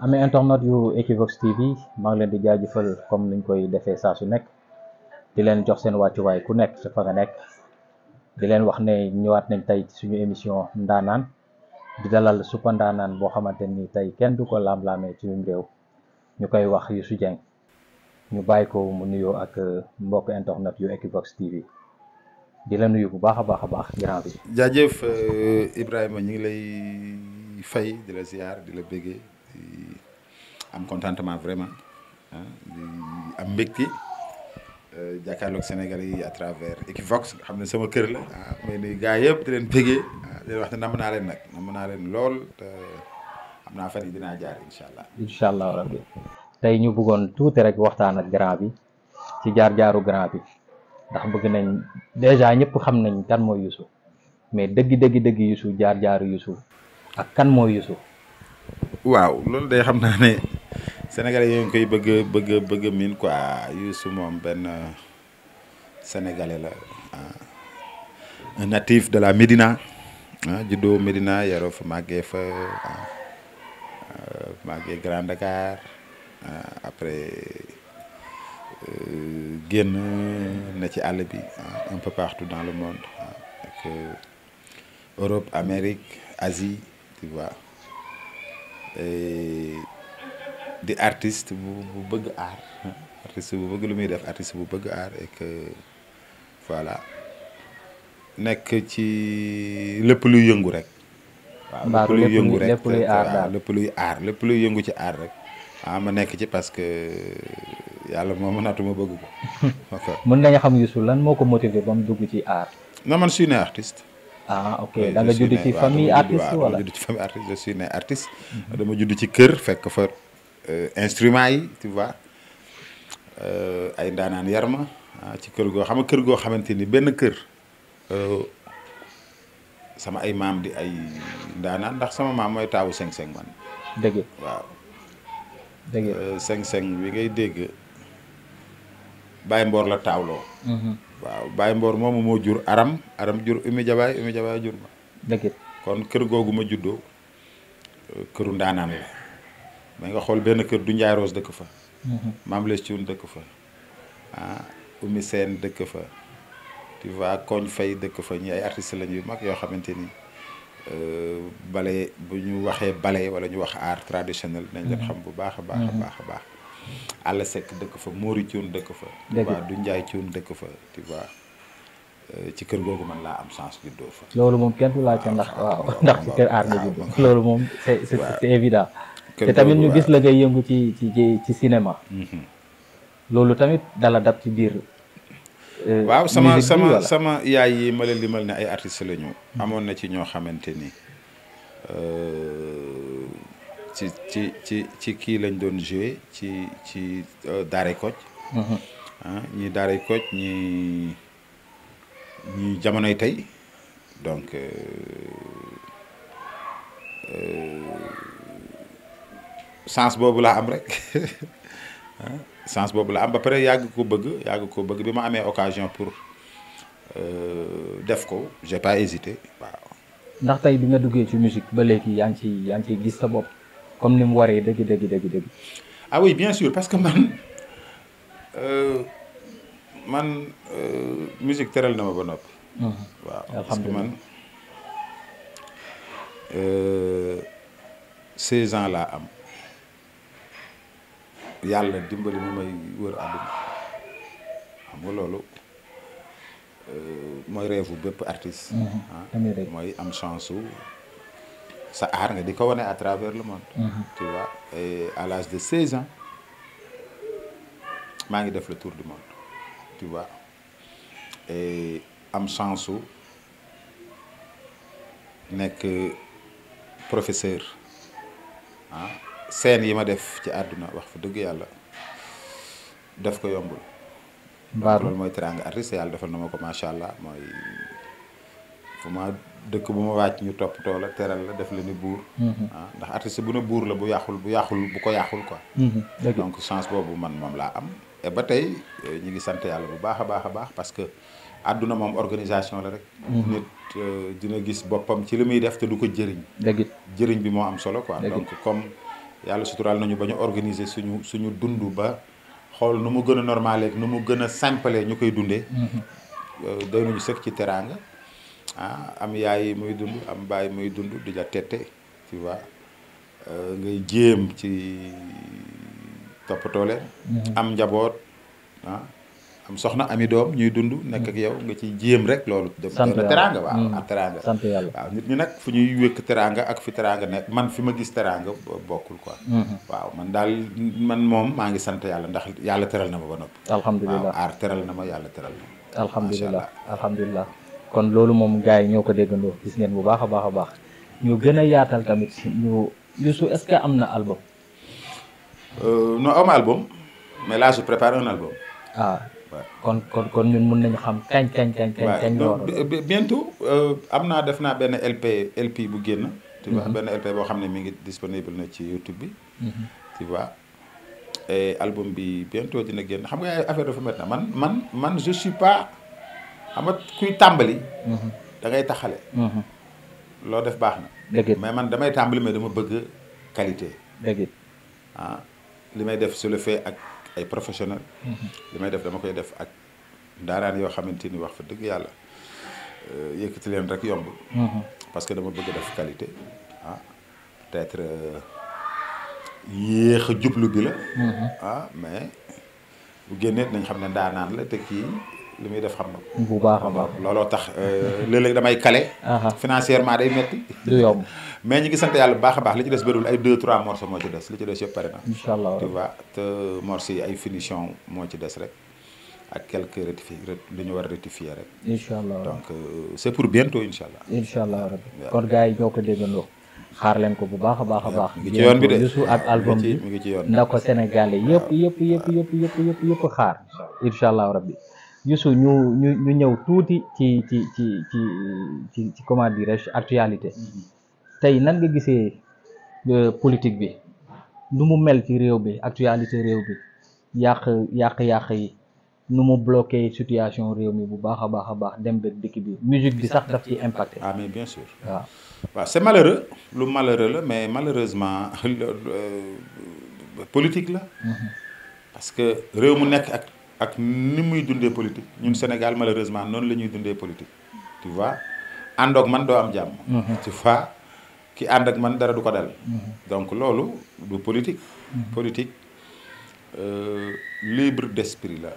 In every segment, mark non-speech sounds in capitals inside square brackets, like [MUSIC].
amee internet yu Equivox TV maa ngi leen di jaajëfal comme ñu koy defee saa su nekk di leen jox seen wàccuwaay ku nekk sa fa nga nekk di leen wax ne ñëwaat nañ tey suñu émission ndaanaan di dalal suppa ndaanaan boo xamante ni tey kenn du ko laam-laamee ci suñu réew ñu koy wax Youssou Dieng ñu bàyyi ko mu nuyoo ak euh, mbokk internet yu Equivox TV di la nuyu bu baax a baax a baax grand bi. jaajëf euh, Ibrahima ñu ngi lay fay di la ziar di la béggee. am contentement vraiment di am mbégte euh, jàkkaarloog sénégal yi à travers Equivox nga xam ne sama kër la ah may nuyu gars yëpp di leen pégee ah, di leen wax ne namm naa leen nag namm naa leen lool te am naa fan yi dinaa jaar incha allah. incha allah rabbi tey ñu bëggoon tuuti rek waxtaan ak grand bi ci jaar-jaaru grand bi ndax bëgg nañ déjà ñëpp xam nañ kan mooy Youssou mais dëgg dëgg dëgg Youssou jaar-jaaru Youssou ak kan mooy Youssou waaw loolu day xam naa ne sénégalais yooyu ngi koy bëgg bëgg bëgg miin quoi Youssou moom benn sénégalais la ah. un natif de la Médina ah juddoo Médina yaroo fa màggee fa ah, ah, màggee Grand Dakar après euh, génn na ci àll bi un peu partout dans le monde Europe Amérique Asie tu vois. Eh, di artiste bu bu bëgg aar artiste bu bëgg lu muy def artiste bu bëgg aar et voilà nekk ci lépp luy yëngu rek. waaw lépp luy yëngu rek aar lépp luy aar lépp luy yëngu ci aar rek ah ma nekk ci parce que yàlla moo mënaatu [LAUGHS] ma bëgg ko. [LAUGHS] mën nga xam Youssou lan moo ko motiver ba mu dugg ci aar. na man suy ne artiste. ah ok da nga judd ci famille artiste wala dama judd ci famille artiste dama judd ci kër fekk fa euh, instrument yi tu vois euh, ay ndaanaan yar ma ah, ci kër goo xam kër goo xamante ni benn kër euh, sama ay maam di ay ndaanaan ndax sama maam mooy taawu seng-seng man. dëgg waaw. dëgg seng-seng bi ngay dégg Baye Mbor la taawloo. Mm-hmm. waaw Baye Mboor moomu moo jur Aram Aram jur Oumy Jabaay Oumy Jabaay jur ma. kon kër googu ma juddoo këru ndaanaan la mais nga xool benn kër du Ndiaye Rose dëkk fa. Mhm. Mame Les Thioune dëkk fa ah Oumy Sène dëkk fa tu vois Koñ Fay dëkk fa ñi ay artistes lañu yu mag yoo xamante ni euh, bale bu ñu waxee bale wala ñu wax art traditionnel. nañ leen mhm. xam bu baax a baax a baax a baax. Alla Seck dëkk fa Mori Thioune dëkk fa. tu vois du Ndiaye Thioune dëkk fa euh, ci kër googu man laa am chance juddoo fa. loolu moom kenn du laajte ah, ndax waaw ndax ci kër aar nga juddoo loolu moom c'est c'est évident. te tamit ñu gis la ngay yëngu ci ci ci cinéma. Mhm. loolu tamit dala dab ci biir. Euh, waaw sama sama sama yaay yi ma la limal ne ay artistes la amoon na ci ñoo xamante ni. Euh, ci ci ci kii lañ doon joué ci ci euh, daaray koj uh-huh. ah ñi daaray koj ñi jamonoy tey donc chance euh, euh, boobu laa am rek chance [LAUGHS] ah, boobu laa am ba pare yàgg ko bëgg yàgg ko bëgg bi ma amee occasion pour def ko j'ai pas hésité waaw. ndax tey bi nga duggee ci musique ba léegi yaa ngi ciy yaa ngi gis sa bopp. comme ni mu waree dëgg dégg dégg dëgg. ah oui bien sûr parce que man euh, man euh, musique na ma ba noppi. waaw parce que man euh, seize ans laa am yàlla dimbali ma wër àdduna xam nga mooy rêve bépp artiste. Ah, mooy am chance su sa aar nga di ko wane à travers le monde. Mhm. tu vois et de 16 maa ngi def le tour du am chance su nekk professeur ah scène yi ma def ci àdduna wax fa dëgg yàlla def ko yombul. mbaa loolu mooy teraanga artiste yàlla defal na ma ko macha allah mooy fu ma dëkk bu ma wàcc ñu toppatoo la teral la def la ni buur. Mhm. Ah, ndax artiste bu ne buur la bu yàqul bu yàqul bu ko yàqul quoi. Mhm. donc chance boobu man moom laa am. et ba tey euh, ñu ngi sant yàlla bu baax a baax a baax parce que àdduna moom organisation la rek. Mhm. nit euh, dina gis boppam ci li muy def te du ko jëriñ. dëgg jëriñ bi moo am solo ko donc comme yàlla suturaal nañu ba ñu organiser suñu suñu dund ba xool nu mu gën a normale nu mu gën a simple ñu koy dundee. Euh, doy nañu sëkk ci teraanga. Ah, am yaay muy dund am baay muy dund di la tette euh, ngay jéem ci toppatoo leen mhm. am njaboot ah am soxna ami doom ñuy dund mhm. nekk ak yow nga ci jéem rek loolu dem teraanga waaw mhm. a teraanga sant yàlla waaw nit ñi nag fu ñuy wékk teraanga ak fi teraanga nekk man fi ma gis teraanga bokkul quoi waaw man daal man moom maa ngi sant yàlla ndax yàlla teral na ma ba noppi alhamdulilah waaw aar teral na ma yàlla teral na ma alhamdulilah kon loolu moom gars yi ñoo ko déggandoo gis ngeen bu baax a baax a baax ñu gën a yaatal tamit ñu Youssou est-ce que am na album. Euh, non am album mais là je prépare un album. Ah. kon kon kon ñun mun nañu xam kañ kañ kañ. kañ euh, am naa def naa benn LP LP bu génn. tu vois mhm. benn LP boo xam ne mi ngi disponible na ci YouTube bi. Mhm. tu vois et album bi bientôt dina génn xam nga affaire dafa métti na man man man je suis xam kuy tàmbali. Mhm. da ngay taxale. Mhm. loo def baax na. dëgg mais man damay tàmbali mais dama bëgg qualité. dëgg ah, li may def su le fait ak ay professionnel mhm. li may def dama koy def ak daaraan yoo xamante ni wax fa dëgg yàlla euh, yëkkati leen rek yomb. parce que dama bëgg def qualité ah euh, yéex jublu bi la. Ah, mais bu génnee nañ xam ne ndaanaan la te kii. li muy def xam na bu baax a baax looloo tax euh, léeg-léeg damay kale financièrement day metti du yomb [LAUGHS] mais ñu ngi sant yàlla bu baax a baax li ci des bëriwul ay deux trois morceaux moo ci des li ci des yëpp pare na incha allah tu vois te moo ci des rek ak quelques rectifi li ñu war a rectifier rek incha allah donc euh, c'est pour bientôt incha allah incha allah rabbi kon gars yi ñoo ko déggandoo xaar leen ko bu baax a baax a baax. mi ngi ci yoon bi de Youssou ak album bi mi ngi ci yoon na ko Sénégalais yëpp yëpp yëpp yëpp yëpp xaar incha allah rabbi Youssou ñu ñu ñu ñëw tuuti ci ci ci ci ci ci comment dirais-je actualité mm-hmm. tey nan nga gisee euh, politique bi nu mu mel ci réew bi actualité réew bi yàq yàq-yàq yi nu mu bloqué situation réew mi bu baax a baax a baax dem beeg dikk bi musique bi sax daf ci impacté. ah mais bien sûr. waaw waaw c'est malheureux lu malheureux la mais malheureusement [LAUGHS] politique la. Mm-hmm. parce que réew mu nekk ak. ak ni muy dundee politique ñun Sénégal malheureusement noonu la dundee politique tu vois àndoog man doo am jàmm mhm. tu vois ki ànd ak man dara du ko dal mhm. donc loolu du politique mhm. politique euh, libre d'esprit la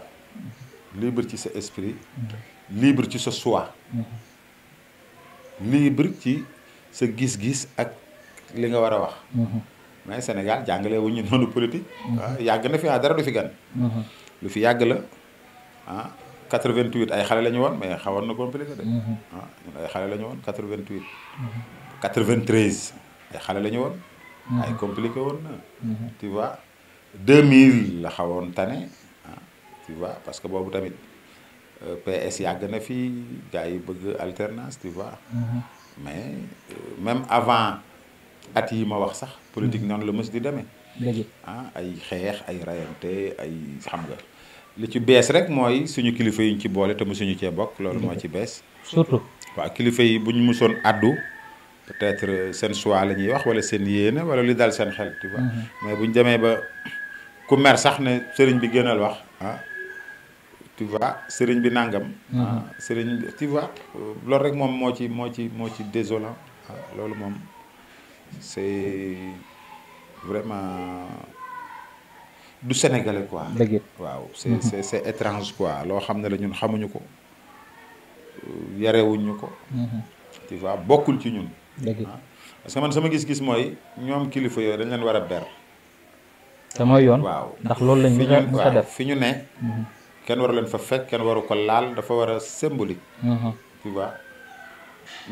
libre ci sa esprit libre ci sa choix libre ci sa gis-gis ak li nga war a wax mais Sénégal jàngale wu ñu noonu politique waaw ah, yàgg na fi ah dara du fi gan lu fi yàgg la ah 88 ay xale la ñu woon mais xawoon na compliqué de. Mhm. ah ñun ay xale la woon 88. 93 ay xale la ñu woon. Mhm. ay compliqué woon na. Mhm. tu vois 2000 la xawoon tane ah parce que boobu tamit euh, PS yàgg na fi gars yi bëgg alternance tu vois. mais euh, même avant at yi ma wax sax. politique noonu la mës di demee. ah ay xeex ay rayante ay xam nga. li ci bees rek mooy suñu kilifa yi ñu ci boole te mosuñu cee bokk loolu moo ci bees. surtout waaw kilifa yi bu ñu mosoon addu peut euh, seen choix la ñuy wax wala seen yéene wala li dal seen xel. tu vois mm-hmm. mais bu ñu demee ba ku mer sax ne sëriñ bi gënal wax ah. tu sëriñ bi nangam. ah mm-hmm. sëriñ bi loolu rek moom moo ci moo ci moo ci désolant ah, loolu moom c'est vraiment. du sénégalais quoi. dëgg waaw c'est mm-hmm. c'est c'est loo xam ne la ñun xamuñu ko euh, yarewuñu ko. Mm-hmm. tu vois bokkul ci ñun. dëgg ah. parce que man sama gis-gis mooy ñoom kilifa yooyu dañ leen war a ber. te mooy yoon waaw ndax loolu lañ. mu ko def fi ñu ne. Mm-hmm. kenn waru leen fa fekk kenn waru ko laal dafa war a symbolique. tu vois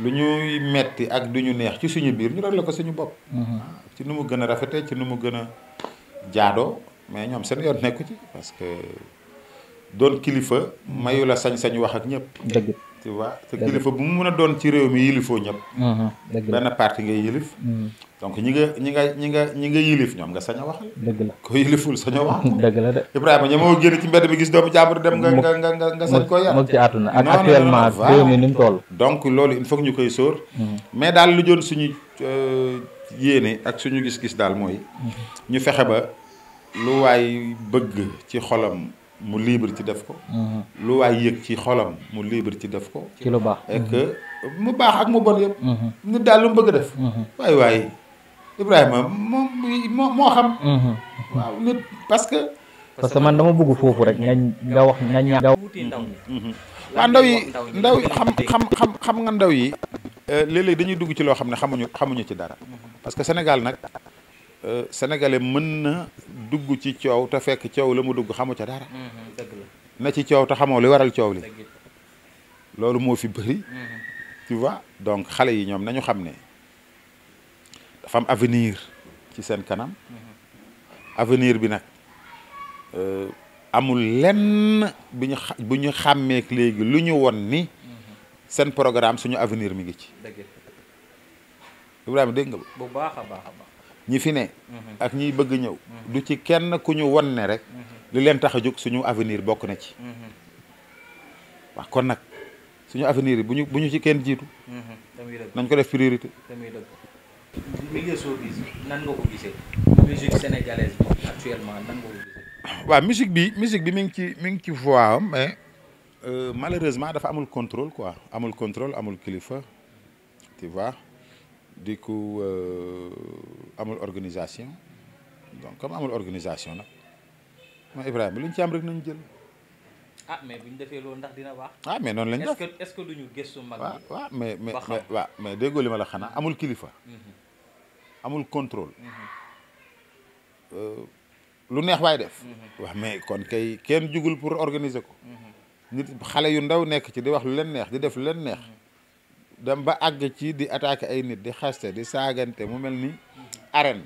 lu ñuy metti ak duñu neex ci suñu biir ñu doon la ko suñu bopp. Ah, ci nu mu gën a rafete ci nu mu gën a jaado mais ñoom seen yoon nekku ci parce que doon kilifa mayu la sañ-sañ wax ak ñëpp. dëgg tu vois te kilifa bu mu mun a doon ci réew mi yilifoo ñëpp. benn parti ngay yilif. Hmm. donc ñi nga ñi nga ñi nga ñi nga yilif ñoom nga sañ a waxal. dëgg la ko yiliful sañ wax. [LAUGHS] dëgg la de Ibrahima génn ci mbedd mi gis doomu jàmbur dem nga nga nga nga sañ ko yar. moom ci àdduna ak actuellement réew mi ni mu toll. donc loolu il faut ñu koy soor hmm. mais daal lu joon suñu euh, yéene ak suñu gis-gis daal mooy. Hmm. ñu fexe ba. lu waay bëgg ci xolam mu libre ci def ko. Mhm. lu waay yëg ci xolam mu libre ci def ko. ci lu baax mu baax ak mu bon yëpp. Mhm. nit daal lu mu bëgg def. Mhm. waay waay Ibrahima moom moo moo xam. waaw nit parce que. parce que man dama bëgg foofu rek nga nga wax nga ñaax. waaw ndaw yi ndaw yi xam xam xam nga ndaw yi. Euh, léeg-léeg dañuy dugg ci loo xam ne xamuñu xamuñu ci dara. parce que Sénégal nag. Euh, sénégalais mën na dugg ci coow te fekk coow la mu dugg xamu ca dara. Mm-hmm, dëgg na ci coow te xamoo li waral coow li. loolu moo fi bëri. Mm-hmm. tu vois donc xale yi ñoom nañu xam ne dafa am avenir ci seen kanam. Mm-hmm. avenir bi nag euh, amul lenn bu ñu xa léegi lu ñu won ni seen programme suñu avenir mi ngi ci. dëgg Ibrahima dégg nga bu baax a baax. ñi fi ne ak ñiy bëgg ñëw du ci kenn ku ñu won ne rek li leen tax a jóg suñu avenir bokk na ci waaw kon nag suñu avenir yi bu ñu bu ñu ci kenn jiitu nañ ko def priorité milieu showbiz nan nga ko gisee musique bi actuellement bi musique mi ngi ci mi ngi ci voie am mais euh, malheureusement dafa amul contrôle quoi amul contrôle amul kilifa tu vois di ku euh, amul organisation donc comme amul organisation nag ma Ibrahima lu ñu ci am rek nañu jël. ah mais bu ñu defee loolu ndax dina baax. ah noonu lañ def est ce que du ñu gëstu mag ñi. waaw mais mais waaw mais déggoo li ma la xanaa amul kilifa. Mhm. amul contrôle. Mhm. Euh, lu neex waay def. Mhm. wax mais kon kay kenn jugul pour organiser ko. nit xale yu ndaw nekk ci di wax lu leen neex di def lu leen neex. dem ba àgg ci di attaqué ay nit di xaste di saagante mu mel ni arène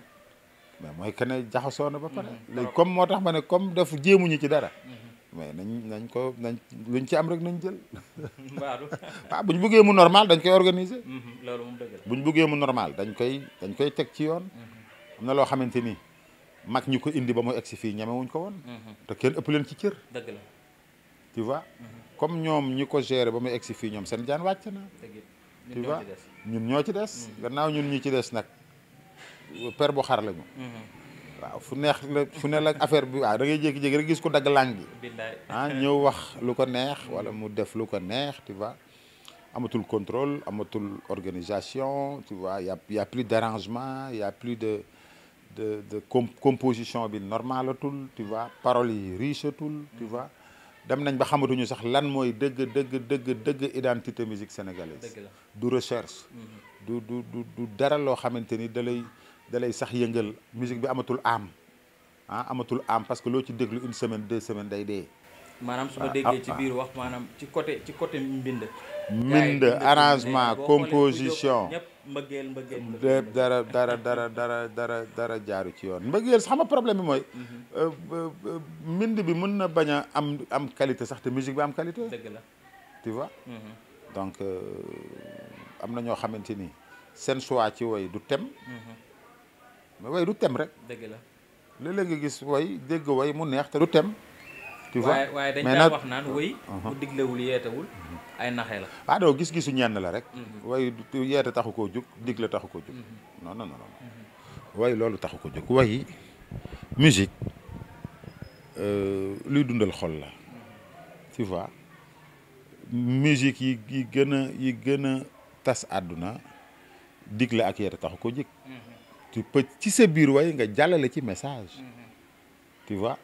mais mooy que ne jaxasoo na ba pare mm-hmm. léegi comme moo tax ma ne comme daf jéemuñu ci dara mm-hmm. mais nañ nañ ko nañ luñ ci am rek nañ jël [LAUGHS] [LAUGHS] waaw buñ buggee mu normal dañ koy organiser mm-hmm. loolu moom buñ buggee mu normal dañ koy dañ koy teg ci yoon na loo xamante ni mag ñu ko indi ba muy egsi fii ñamewuñ ko woon te kenn ëpp leen ci cër dëgg la comme ñoom ñi ko gérer ba muy egsi fii ñoom seen jaan wàcc na tu vois ñun ñoo ci des mm-hmm. gannaaw ñun ñi ci des nag per bu xar lañu mm-hmm. waaw fu neex la fu ne la affaire bi waaw da ngay jékki-jékki rek gis ko dagg lang bi [LAUGHS] ah, ñëw wax lu ko neex wala mu def lu ko neex ti vois amatul contrôle amatul organisation tu vois y a y plus d'arrangement y plus de de de composition bi normalatul tu vois paroles yi richetul tu vois dem nañ ba xamatuñu sax lan mooy dëgg dëgg dëgg dëgg identité musique sénégalaise du recherche mm-hmm. du du du du dara loo xamante ni da lay da sax yëngal musique bi amatul am ah amatul am parce que loo ci déglu une semaine deux semaines day dee maanaam su ma ah, ah, déggee ci ah. biir wax maanaam ci côté ci côté mbind mbind arrangement composition mbëggeel mbëggeel dara dara dara dara dara jaaru ci yoon mbëggeel xama problème bi mooy. Mhm. Euh, euh, euh, mbind bi mën na bañ a am am qualité sax musique bi am qualité. dëgg la tu mhm. donc am na ñoo xamante ni seen choix ci woy du tem. Mhm. mais woy du tem rek. dëgg la léeg-léeg nga gis woy dégg woy mu neex te du tem. tu vois waaye dañ daan wax naan woy. Uh-huh. bu diglewul yeetewul. ay naxee la ah doo gis-gisu ñenn la rek mhm. way yeete taxu koo jóg dig taxu koo jóg mhm. non non mhm. way loolu taxu ko jóg way musique euh, luy dundal xol la tu vois musique yi yi gën a yi gën a tas àdduna dig la ak yeete taxu ko jóg tu peux ci sa biir way nga jàllale ci message tu vois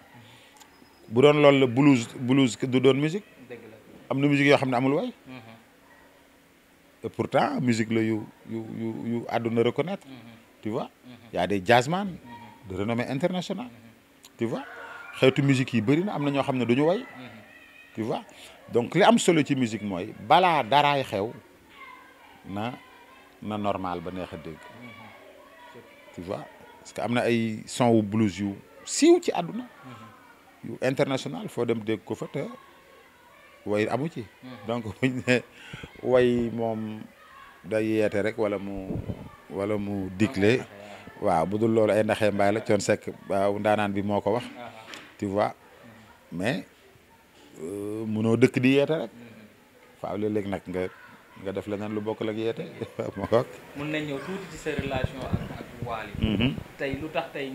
bu doon loolu la blues blues du doon musique am na musique yoo xam ne amul way mm-hmm. et pourtant musique la yu yu yu yu àdduna reconnaître mm-hmm. tu vois mm-hmm. y a des jazzman de renommée internationale tu vois xeetu musique yi bëri am na ñoo xam ne duñu way tu vois donc li am solo ci musique mooy balaa daray xew na normal ba neex a dégg tu vois parce que am na ay son wu blues yu siiw ci àdduna yu international foo dem dégg ko fa way amu ci. Hmm. donc [LAUGHS] buñ way moom day yeete rek wala mu wala mu digle ah, ah, ah. waaw bu dul loolu ay ndaxee mbaay la coon sekk waaw ndaanaan bi moo ko wax tu vois mais euh, munoo dëkk di yeete rek hmm, hmm. waaw léeg-léeg nag nga nga def leneen lu bokk la ak yeete [LAUGHS] moo mun nañ ñëw tuuti ci sa relation ak ak mm-hmm. lu tax tey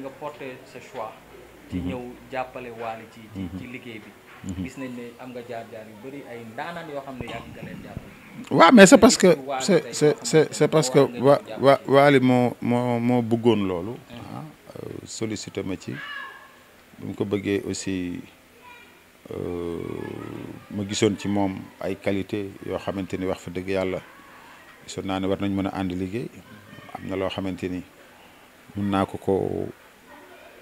ci mhm. ñëw jàppale Wally mhm. bi mhm. gis nañ ne am nga jaar-jaar yu bëri ay ndaanaan yoo xam ne yàgg nga leen mais c'est parce que c'est c'est parce que wa wa Wally moo moo moo bëggoon loolu ah, euh, sollicité ma ci bu ko bëggee aussi euh, ma gisoon ci moom ay qualité yoo xamante ni wax fa dëgg yàlla gisoon naa ne war nañ mën a ànd liggéey am na loo xamante ni mun naa ko ko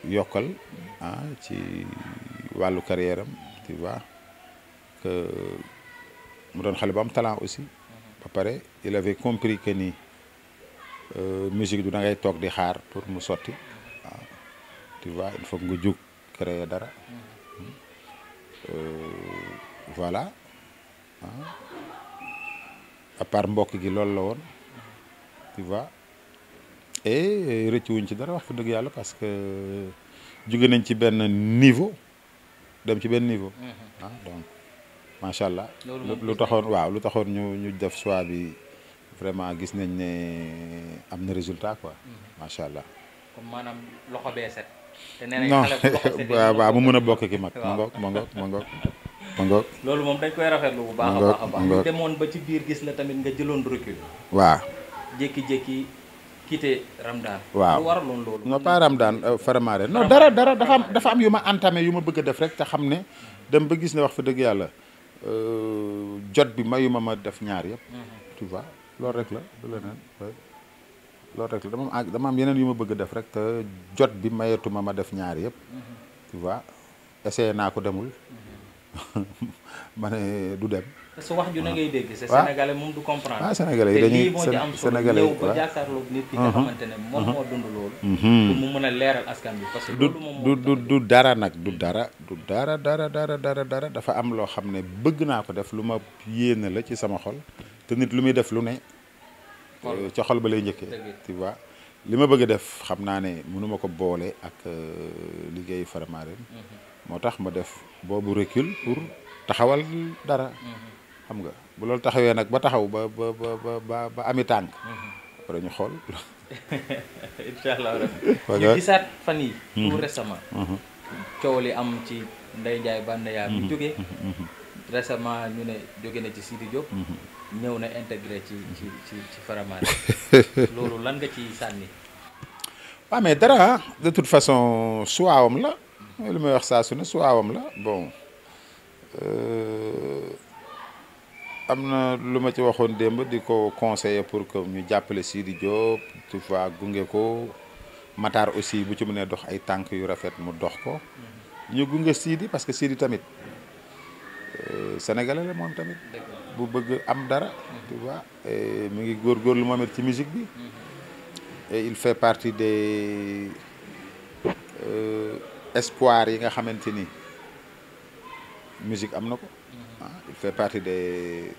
yokkal ah, ci wàllu carrière am tu mu doon xale bu am talent aussi. ba pare il avait compris que ni euh, musique du da ngay toog di xaar pour mu sotti waaw ah, tu vois il faut nga jóg créer dara euh, voilà ah. à mbokk gi loolu la woon tu vois. et eh, rëccu wuñ ci dara wax fa dëgg yàlla parce que jóge nañ ci benn niveau dem ci benn niveau. Mhm. ah donc macha allah. lu taxoon waaw lu taxoon ñu ñu def choix bi vraiment gis nañ ne am na résultat quoi. Mhm. macha allah. comme maanaam loxo bee set. te [LAUGHS] mu mën a bokk ki mag. [LAUGHS] waaw ma ngoog ma ngoog ma ngoog. loolu moom dañ koy rafetlu bu baax a baax a baax. demoon ba ci biir gis la tamit nga jëloon recul. waaw quitté Ramadan. waaw lu waraloon loolu. non pas Ramadan euh, Faramaren. dara dara dafa am yu ma entamé yu ma bëgg a def rek te xam ne dem ba gis ne wax fa dëgg yàlla euh, jot bi mayuma ma def ñaar yëpp. Mhm. tu loolu rek la du dama am dama am yeneen yu ma bëgg a def rek te jot bi mayatuma ma def ñaar yëpp. Mhm. tu naa ko demul mhm. [LAUGHS] ma ne du dem. parce que wax dégg. waaw Sénégalais moom du comprendre. ah Sénégalais dañuy Sénégalais am solo ñëw mhm. moom mhm. mhm. mën a leeral bi parce que moom du du du dara nag du dara du dara dara dara dara dara dafa am loo xam ne bëgg naa ko def lu ma yéene la ci sama xol te nit lu muy def lu ne. Euh, ca xol ba lay njëkkee. tu li ma bëgg a def xam naa ne mënuma ko boole ak euh, liggéeyu Faramareen. moo tax ma def boobu recul pour taxawal dara. xam nga bu loolu taxawee nag ba taxaw ba ba ba ba ami tànk. Mm-hmm. après ñu xool. [LAUGHS] incha allah rabi ñu gisaat fan yi mm-hmm. tout récemment. Mm-hmm. coow li am ci Ndeye Ndiaye Banaya bi jógee. récemment ñu ne jóge na ci Sidi Diop. ñëw na intégré ci ci ci [LAUGHS] loolu lan nga ci sànni. waaw mais dara de toute façon suwaawam la. li may wax saa su ne suwaawam la bon. Euh, am na lu ma ci waxoon démb di ko conseiller pour que ñu jàppale siidi Diop tu vois gunge ko Matar aussi bu ci mënee dox ay tànk yu rafet mu dox ko ñu gunge Sidi parce que Sidi tamit euh, sénégalais la moom tamit bu bëgg am dara tu vois mu ngi góorgóorlu moom it ci musique bi et il fait partie des euh, espoirs yi nga xamante ni musique am na ko mm-hmm. ah, il fait partie des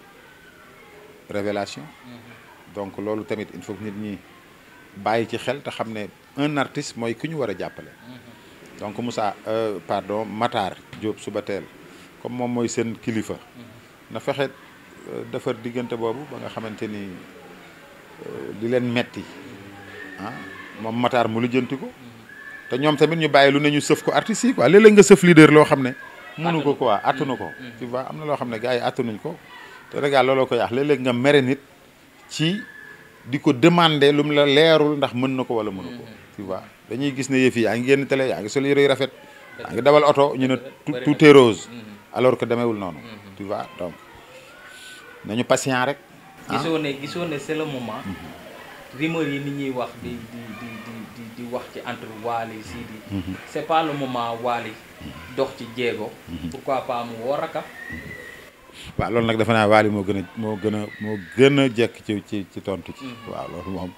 révélations mm-hmm. donc loolu tamit il faut nit ñi bàyyi ci xel te xam ne un artiste mooy ku ñu war a jàppale mm-hmm. donc Moussa euh, pardon Matar Diop suba teel comme moom mooy seen kilifa na fexe euh, defar diggante boobu ba nga xamante ni li euh, leen metti ah moom Matar mu lijjanti ko te ñoom tamit ñu bàyyi lu ne ñu sëf ko artistes yi quoi léeg nga sëf leader loo xam ne mënu ko quoi attanu ko mm-hmm. tu vois am na loo xam ne gars yi attanuñ ko te ragal looloo ko yàq léeg-léeg nga mere nit ci di ko demande lum la leerul ndax mën na ko wala mënu ko mm-hmm. tu vois dañuy gis ne yëf yi yaa ngi génn télé yaa ngi sol yére yu rafet yaa ngi dawal oto ñu ne tout rose mm-hmm. alors que demewul noonu tu vois donc nañu patient rek ah. gisoo ne gisoo ne c'est le moment rumeur yi ni ñuy wax di di di di di wax ci entre Wally Sidy c'est pas le moment Wally dox ci jéego. Mhm. pourquoi pas mu wor aka mhm. waaw loolu nag defe naa waali moo gën a moo gën a moo gën a jekk ci ci ci tontu ci. Mhm. waaw moom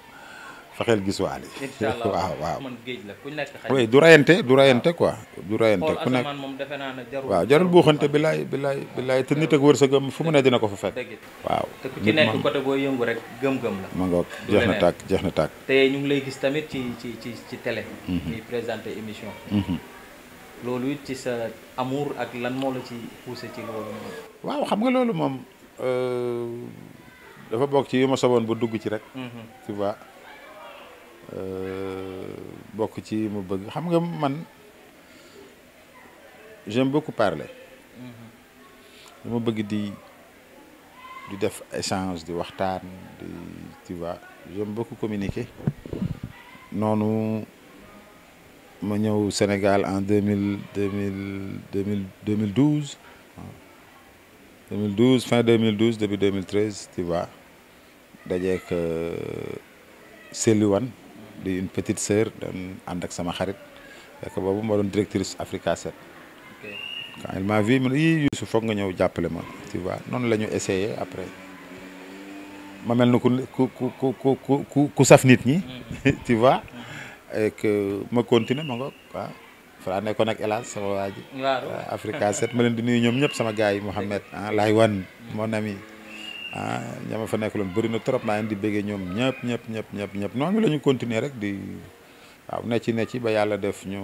fexeel gis waali. incha allah [LAUGHS] waaw waaw man géej la ku nekk xaj. du rayante du rayante quoi. du rayante ku nekk xool moom defe naa ne jarul. waaw jarul buuxante billaay billaay billaay te nit ak gëmm fu mu ne dina ko fa fekk. waaw te ku ci nekk côté boo yëngu rek gëm-gëm la. ma nga jeex na tàkk jeex na tàkk. te ñu ngi lay gis tamit ci ci ci ci télé. présenté émission. loolu it ci sa amour ak lan moo la ci poussé ci loolu moom. waaw xam nga loolu moom euh, dafa bokk ci yu ma soboon ba dugg ci rek. Mm-hmm. tu vois euh, bokk ci mu bëgg xam nga man j'aime beaucoup parler. Mm-hmm. dama bëgg di di def échange di waxtaan di tu vois j'aime beaucoup communiquer noonu. ma ñëw Sénégal en deux mille deux mille deux mille douze deux mille douze fin deux mille douze début deux mille treize tu vois dajeek euh, Seliwan di une petite sœur doon ànd sama xarit fekk boobu moo doon directrice Africa 7. quand elle m'a vu mu ne yii Youssou foog nga ñëw jàppale ma tu noonu la ñu essayé après ma mel ni ku ku ku ku saf nit ñi mm. [LAUGHS] tu et que ma continuer ma ngoog nekkoon ak Elas sama waa Africa 7 ma leen di nuyu ñoom ñëpp sama gars yi Mouhamed ah laay wan mon ami ah, ñama fa nekk loon bëri na trop maa leen di béggee ñoom ñëpp ñëpp ñëpp ñëpp ñëpp noonu la ñu continuer rek di waaw ne ci ne ci ba yàlla def ñu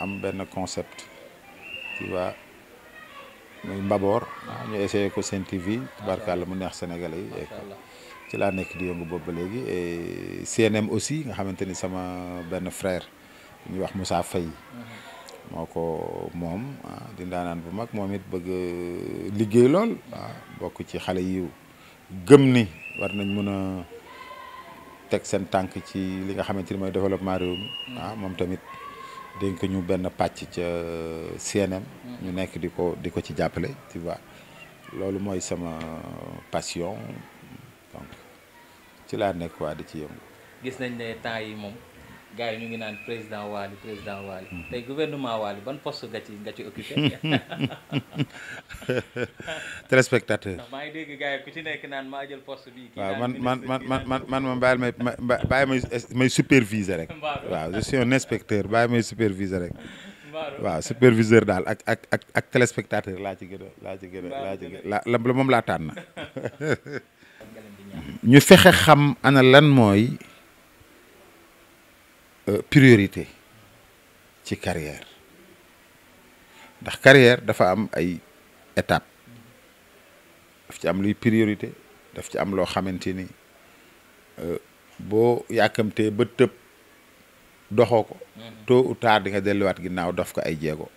am benn concept tu vois muy mbaboor ah, ñu essayé ko Sen TV tubaarkàlla mu neex Sénégalais yi ci laa nekk di yëngu boobu ba léegi et CNM aussi nga xamante ni sama benn frère ñuy wax Moussa Faye mm-hmm. moo ko moom ah, di ndaanaan bu mag moom it bëgg euh, liggéey lool ah, bokk ci xale yi gëm ni war nañ mën a teg seen tànk ci li nga xamante ni mooy développement réew mi mm-hmm. ah, moom tamit dénk ñu benn pàcc ca euh, CNM mm-hmm. ñu nekk di ko di ko ci jàppale tu loolu mooy sama passion ci laa nekk waa di ci yëngu. gis nañ ne temps yi moom gars yi ñu ngi naan président Wally président Wally mhm. tey gouvernement Wally ban poste nga ci nga ci occupé. [LAUGHS] [LAUGHS] téléspectateur. maa ngi dégg gars yi ci nekk naan maa jël poste bi. waaw man man man man man man bàyyi may bàyyi may superviser rek. waaw je suis un inspecteur bàyyi may superviser rek. waaw superviseur daal ak ak ak ak téléspectateur laa ci gën a laa ci laa ci gën a la moom laa na [LAUGHS] ñu fexe xam ana lan mooy euh, priorité ci carrière ndax carrière dafa am ay étape daf ci am luy priorité daf ci am loo xamante ni euh, boo yàkkamtee ba tëb doxo ko mm-hmm. tôt ou tard di nga delluwaat ginnaaw daf ko ay jéego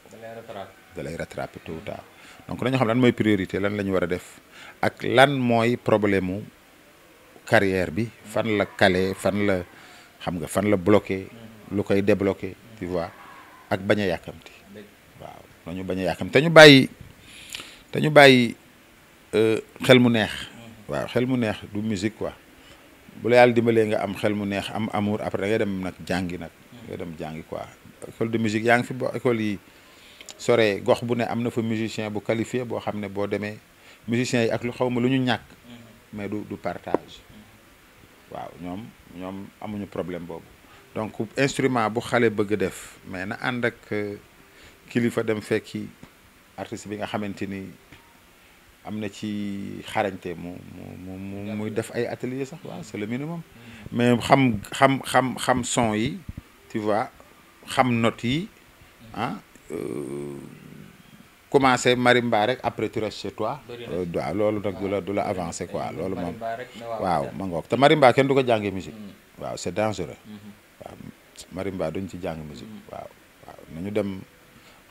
da lay tout tôt ou tard donc nañu xam lan mooy priorité lan la ñu war a def ak lan mooy problème mu carrière bi fan la calé fan la xam nga fan la bloqué lu koy débloqué tu vois ak bañ a yàkkamti waaw dañu bañ a yàkkamti te ñu bàyyi te ñu bàyyi euh, xel mu neex waaw xel mu neex du musique quoi bu la yàlla dimbalee nga am xel mu neex am amour après da dem nag jàngi nag nga dem jàngi quoi école de musique yaa ngi fi boo école yi sore gox bu ne am na fa musicien bu qualifié boo xam ne boo demee musiciens yi ak lu xaw ma lu ñu ñàkk mais du partage waaw ñoom ñoom amuñu problème boobu donc instrument bu xale bëgg def mais na ànd ak euh, kilifa dem fekki artiste bi nga xamante ni am na ci xarañte mu mu mu muy def ay atelier sax waaw c'est le minimum mais xam xam xam xam son yi tu vois xam not yi ah euh, commencé marimba rek après tu restes chez toi. Euh, loolu nag du la du la loolu moom. waaw ma ngoog te marimba kenn du ko jàngee musique. Mm-hmm. waaw c'est dangereux. Mm-hmm. waaw marimba duñ ci jàng musique. Mm-hmm. waaw waaw nañu dem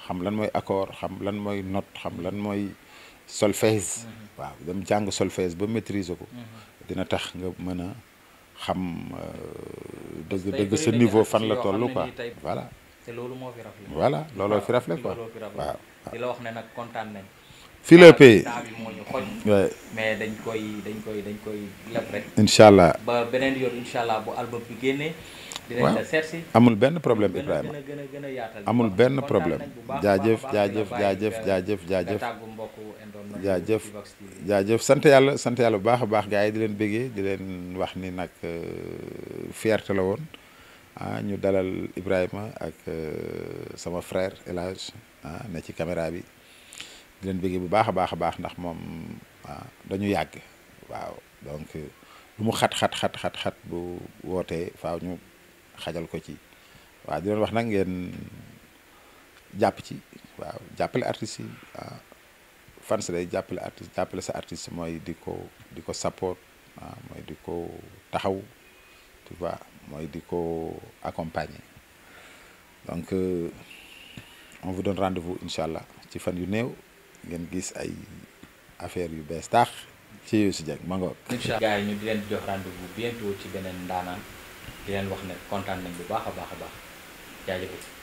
xam lan mooy accord xam lan mooy note xam lan mooy solfège. waaw dem jàng solfège ba maîtriser ko. dina tax nga mën a xam euh, dëgg dëgg sa niveau fan la toll quoi voilà. te loolu moo fi raflé. di la wax ne nag kontaan fii la mais dañ koy dañ koy dañ koy leb allah ba bu album bi génnee. dinañ amul benn problème Ibrahima gën a gën a yaatal amul benn problème jaajëf jaajëf jaajëf jaajëf jaajëf jaajëf sant yàlla sant yàlla bu baax a baax gars yi di leen bëggee di leen wax ni nag fierté la woon. ah ñu dalal Ibrahima ak euh, sama frair élage Hadj ah, ne ci caméra bi di leen bëggee bu baax a baax a baax ndax moom ah, dañu yàgg waaw donc lu mu xat xat xat xat xat bu wootee faaw ñu xajal ko ci waaw di leen wax nag ngeen jàpp ci waaw jàppale artistes yi ah fans day jàppale artiste jàppale sa artiste mooy di ko di ko support ah, mooy di ko taxaw tu vois. mooy di ko accompagner donc euh, on vous donne rendez-vous incha allah ci fan yu néew ngeen gis ay affaire yu bees taax ci Youssou Dieng ma ngoog. incha allah gars yi ñu di leen jox rendez-vous bientôt ci beneen ndaanaan di leen wax ne kontaan nañ bu baax a baax a baax